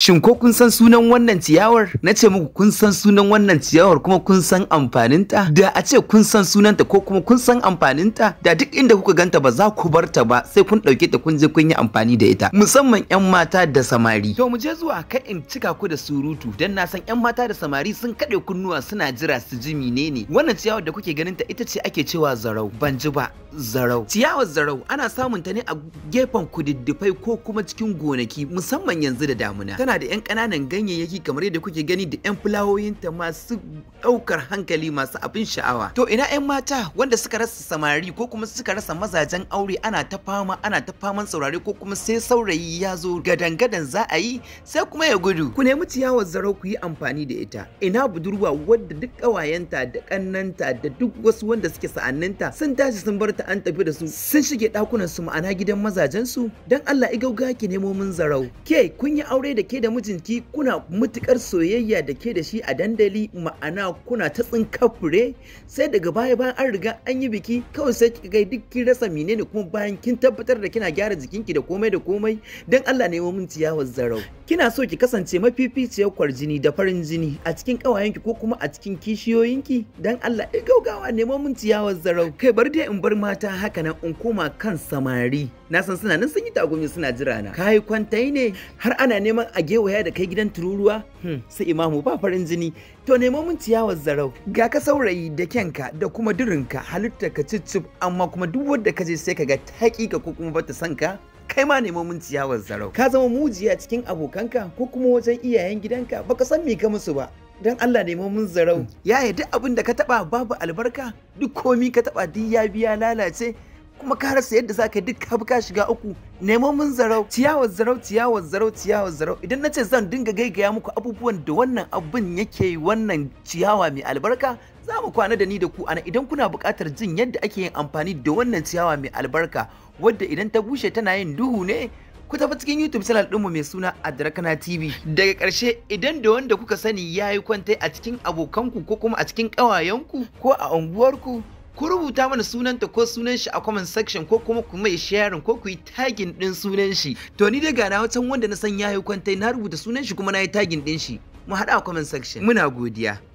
Shin ko kun san sunan wannan ciyawar? Na ce muku kun san sunan wannan ciyawar kuma kun san amfaninta? Da a ce kun san sunanta ko kuma kun san amfaninta? Da duk inda kuka ganta ba za ku bar ta ba sai kun ɗauke ta kun je kun yi amfani da ita. Musamman 'yan mata da samari. To mu je zuwa kai in cika ku da surutu dan na san 'yan mata da samari sun kaɗe kunnuwa suna jira su ji menene. Wannan ciyawar da kuke ganin ta ita ce ake cewa zarau. Ban ji ba zarau. Ciyawar zarau ana samun ta ne a gefen kududdufai ko kuma cikin gonaki musamman yanzu da damuna. tana da 'yan ƙananan ganyayyaki kamar yadda kuke gani da 'yan fulawoyinta masu ɗaukar hankali masu abin sha'awa. To ina 'yan mata wanda suka rasa samari ko kuma suka rasa mazajen aure ana ta fama ana ta faman saurare ko kuma sai saurayi ya zo gadan-gadan za a yi sai kuma ya gudu. Ku nemi ciyawar zarau ku yi amfani da ita. Ina budurwa wadda duk ƙawayenta da ƙannanta da duk wasu wanda suke sa'anninta sun tashi sun bar ta an tafi da su sun shige ɗakunan su ma'ana gidan mazajen su. Dan Allah igauga ki nemo mun zarau. Ke kun yi aure da ke da mijinki kuna mutukar soyayya da ke da shi a dandali ma'ana kuna ta tsinka fure sai daga baya bayan an riga an yi biki kawai sai ki ga duk kin rasa menene kuma bayan kin tabbatar da kina gyara jikinki da komai da komai dan Allah ne mun ciyawar zarau kina so ki kasance mafificiyar jini da farin jini a cikin ƙawayenki ko kuma a cikin kishiyoyinki dan Allah ɗi eh, gaugawa nemo mun ciyawar zarau kai bar dai in bar mata haka nan in koma kan samari na san suna nan sun yi tagumi suna jira na kai kwantai ne har ana neman a gewaya da kai gidan tururuwa hmm. su imamu ba farin jini to nemo mun ciyawar zarau ga ka saurayi da kyanka da kuma durinka halitta ka cicif amma kuma duk wanda ka je sai ka ga ta ko kuma bata san ka kai ma nemo mun ciyawar zarau ka zama mujiya cikin abokanka ko kuma wajen iyayen gidanka baka san me ka musu ba dan Allah nemo mun zarau yi duk abin da ka taba babu albarka duk komi ka taba duk ya biya lalace kuma ka rasa yadda za ka duk ka shiga uku nemo mun zarau ciyawar zarau ciyawar zarau ciyawar zarau idan nace zan dinga gaigaya muku abubuwan da wannan abin yake wannan ciyawa mai albarka za mu kwana da ni da ku ana idan kuna buƙatar jin yadda ake yin amfani da wannan ciyawa mai albarka wadda idan ta bushe tana yin duhu ne ku tafi cikin YouTube channel ɗinmu mai suna Adrakana TV. Daga ƙarshe idan da wanda kuka sani ya yi kwantai a cikin abokanku ko kuma a cikin ƙawayenku ko a unguwarku ku rubuta mana sunanta ko sunan shi a comment section ko kuma ku mai sharing ko ku yi tagging ɗin sunan shi. To ni daga na wancan wanda na san ya yi kwantai na rubuta sunan shi kuma na yi tagging ɗin shi. Mu haɗa a comment section. Muna godiya.